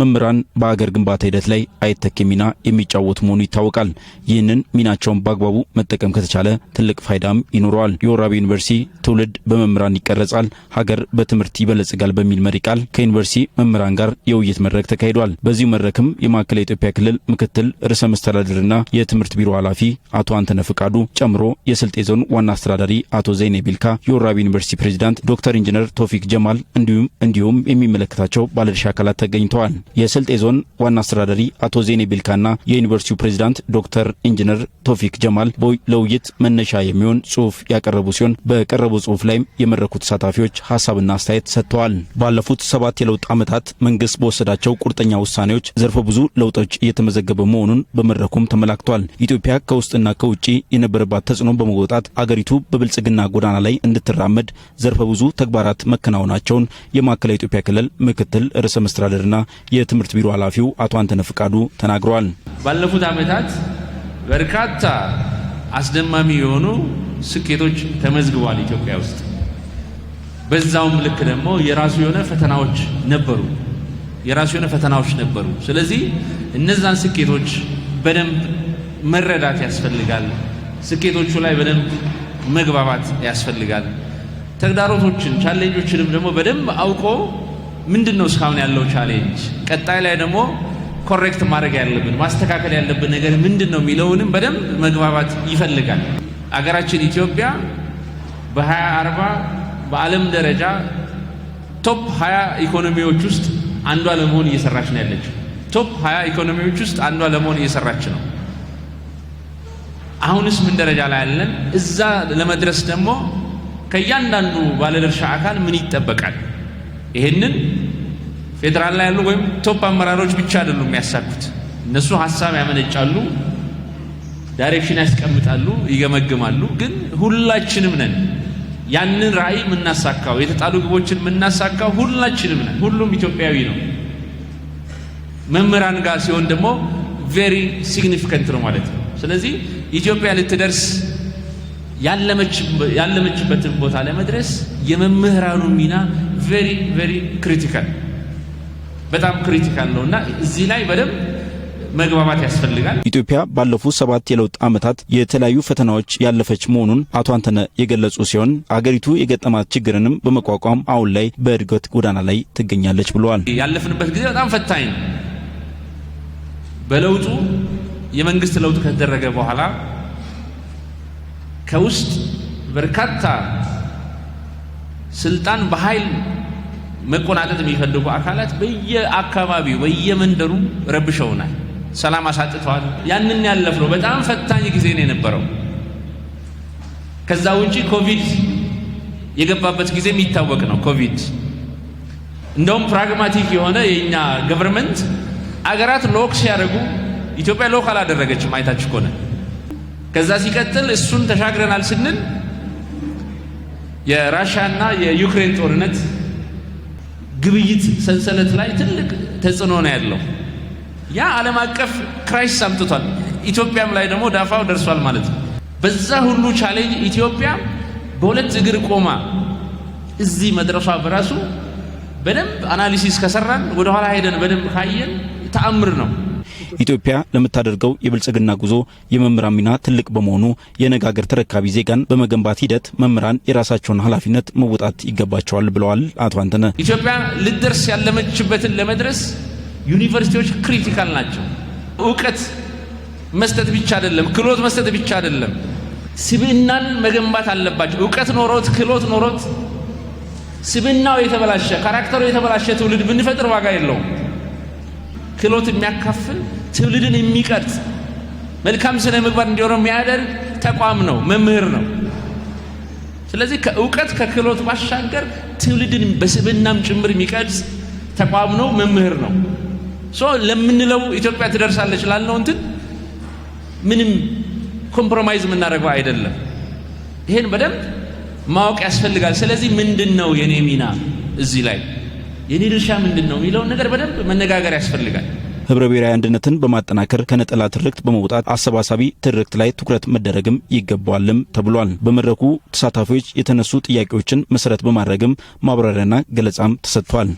መምህራን በአገር ግንባታ ሂደት ላይ አይተኬ ሚና የሚጫወት መሆኑ ይታወቃል። ይህንን ሚናቸውን በአግባቡ መጠቀም ከተቻለ ትልቅ ፋይዳም ይኖረዋል። የወራቤ ዩኒቨርሲቲ ትውልድ በመምህራን ይቀረጻል፣ ሀገር በትምህርት ይበለጽጋል በሚል መሪ ቃል ከዩኒቨርሲቲ መምህራን ጋር የውይይት መድረክ ተካሂዷል። በዚሁ መድረክም የማዕከላዊ ኢትዮጵያ ክልል ምክትል ርዕሰ መስተዳድርና የትምህርት ቢሮ ኃላፊ አቶ አንተነ ፍቃዱ ጨምሮ የስልጤ ዞን ዋና አስተዳዳሪ አቶ ዘይኔ ቢልካ፣ የወራቤ ዩኒቨርሲቲ ፕሬዚዳንት ዶክተር ኢንጂነር ቶፊክ ጀማል እንዲሁም እንዲሁም የሚመለከታቸው ባለድርሻ አካላት ተገኝተዋል። የስልጤ ዞን ዋና አስተዳዳሪ አቶ ዜኔ ቢልካና የዩኒቨርሲቲው ፕሬዚዳንት ዶክተር ኢንጂነር ቶፊክ ጀማል ለውይይት መነሻ የሚሆን ጽሁፍ ያቀረቡ ሲሆን በቀረቡ ጽሁፍ ላይም የመድረኩ ተሳታፊዎች ሀሳብና አስተያየት ሰጥተዋል። ባለፉት ሰባት የለውጥ ዓመታት መንግስት በወሰዳቸው ቁርጠኛ ውሳኔዎች ዘርፈ ብዙ ለውጦች እየተመዘገበ መሆኑን በመድረኩም ተመላክቷል። ኢትዮጵያ ከውስጥና ከውጭ የነበረባት ተጽዕኖ በመወጣት አገሪቱ በብልጽግና ጎዳና ላይ እንድትራመድ ዘርፈ ብዙ ተግባራት መከናወናቸውን የማዕከላዊ ኢትዮጵያ ክልል ምክትል ርዕሰ መስተዳደርና የትምህርት ቢሮ ኃላፊው አቶ አንተነ ፍቃዱ ተናግረዋል። ባለፉት ዓመታት በርካታ አስደማሚ የሆኑ ስኬቶች ተመዝግበዋል ኢትዮጵያ ውስጥ። በዛውም ልክ ደግሞ የራሱ የሆነ ፈተናዎች ነበሩ የራሱ የሆነ ፈተናዎች ነበሩ። ስለዚህ እነዛን ስኬቶች በደንብ መረዳት ያስፈልጋል። ስኬቶቹ ላይ በደንብ መግባባት ያስፈልጋል። ተግዳሮቶችን ቻሌንጆችንም ደግሞ በደንብ አውቆ ምንድን ነው እስካሁን ያለው ቻሌንጅ፣ ቀጣይ ላይ ደግሞ ኮሬክት ማድረግ ያለብን ማስተካከል ያለብን ነገር ምንድን ነው የሚለውንም በደንብ መግባባት ይፈልጋል። አገራችን ኢትዮጵያ በ2040 በዓለም ደረጃ ቶፕ 20 ኢኮኖሚዎች ውስጥ አንዷ ለመሆን እየሰራች ነው ያለችው። ቶፕ 20 ኢኮኖሚዎች ውስጥ አንዷ ለመሆን እየሰራች ነው። አሁንስ ምን ደረጃ ላይ ያለን? እዛ ለመድረስ ደግሞ ከእያንዳንዱ ባለድርሻ አካል ምን ይጠበቃል? ይህንን ፌዴራል ላይ ያሉ ወይም ቶፕ አመራሮች ብቻ አይደሉም የሚያሳኩት። እነሱ ሀሳብ ያመነጫሉ፣ ዳይሬክሽን ያስቀምጣሉ፣ ይገመግማሉ። ግን ሁላችንም ነን ያንን ራዕይ የምናሳካው የተጣሉ ግቦችን የምናሳካው ሁላችንም ነን። ሁሉም ኢትዮጵያዊ ነው። መምህራን ጋር ሲሆን ደግሞ ቬሪ ሲግኒፊካንት ነው ማለት ነው። ስለዚህ ኢትዮጵያ ልትደርስ ያለመችበትን ቦታ ለመድረስ የመምህራኑ ሚና ቬሪ ቬሪ ክሪቲካል በጣም ክሪቲካል ነው እና እዚህ ላይ በደንብ መግባባት ያስፈልጋል። ኢትዮጵያ ባለፉት ሰባት የለውጥ ዓመታት የተለያዩ ፈተናዎች ያለፈች መሆኑን አቶ አንተነ የገለጹ ሲሆን አገሪቱ የገጠማት ችግርንም በመቋቋም አሁን ላይ በእድገት ጎዳና ላይ ትገኛለች ብለዋል። ያለፍንበት ጊዜ በጣም ፈታኝ ነው። በለውጡ የመንግስት ለውጥ ከተደረገ በኋላ ከውስጥ በርካታ ስልጣን በኃይል መቆናጠጥ የሚፈልጉ አካላት በየአካባቢው በየመንደሩ ረብሸውናል፣ ሰላም አሳጥተዋል። ያንን ያለፍነው በጣም ፈታኝ ጊዜ ነው የነበረው። ከዛ ውጪ ኮቪድ የገባበት ጊዜ የሚታወቅ ነው። ኮቪድ እንደውም ፕራግማቲክ የሆነ የእኛ ገቨርንመንት አገራት ሎክ ሲያደርጉ ኢትዮጵያ ሎክ አላደረገችም አይታችሁ ከሆነ። ከዛ ሲቀጥል እሱን ተሻግረናል ስንል የራሽያና የዩክሬን ጦርነት ግብይት ሰንሰለት ላይ ትልቅ ተጽዕኖ ነው ያለው። ያ ዓለም አቀፍ ክራይስ አምጥቷል። ኢትዮጵያም ላይ ደግሞ ዳፋው ደርሷል ማለት ነው። በዛ ሁሉ ቻሌንጅ ኢትዮጵያ በሁለት እግር ቆማ እዚህ መድረሷ በራሱ በደንብ አናሊሲስ ከሰራን ወደኋላ ሄደን በደንብ ካየን ተአምር ነው። ኢትዮጵያ ለምታደርገው የብልጽግና ጉዞ የመምህራን ሚና ትልቅ በመሆኑ የነገ ተረካቢ ዜጋን በመገንባት ሂደት መምህራን የራሳቸውን ኃላፊነት መወጣት ይገባቸዋል ብለዋል አቶ አንተነ። ኢትዮጵያ ልደርስ ያለመችበትን ለመድረስ ዩኒቨርሲቲዎች ክሪቲካል ናቸው። እውቀት መስጠት ብቻ አይደለም፣ ክህሎት መስጠት ብቻ አይደለም፣ ስብዕናን መገንባት አለባቸው። እውቀት ኖሮት ክህሎት ኖሮት ስብናው የተበላሸ ካራክተሩ የተበላሸ ትውልድ ብንፈጥር ዋጋ የለውም። ክህሎት የሚያካፍል ትውልድን የሚቀርጽ መልካም ስነ ምግባር እንዲሆነው የሚያደርግ ተቋም ነው፣ መምህር ነው። ስለዚህ ከእውቀት ከክህሎት ባሻገር ትውልድን በስብናም ጭምር የሚቀርጽ ተቋም ነው፣ መምህር ነው። ሶ ለምንለው ኢትዮጵያ ትደርሳለች ላልነው እንትን ምንም ኮምፕሮማይዝ የምናደርገው አይደለም። ይሄን በደንብ ማወቅ ያስፈልጋል። ስለዚህ ምንድን ነው የኔ ሚና እዚህ ላይ የኔ ድርሻ ምንድን ነው የሚለውን ነገር በደንብ መነጋገር ያስፈልጋል። ህብረ ብሔራዊ አንድነትን በማጠናከር ከነጠላ ትርክት በመውጣት አሰባሳቢ ትርክት ላይ ትኩረት መደረግም ይገባዋልም ተብሏል። በመድረኩ ተሳታፊዎች የተነሱ ጥያቄዎችን መሰረት በማድረግም ማብራሪያና ገለጻም ተሰጥቷል።